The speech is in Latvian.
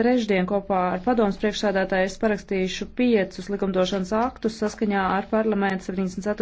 Trešdien kopā ar padomus priekšsādātāju es parakstīšu piecus likumdošanas aktus saskaņā ar parlamenta 74.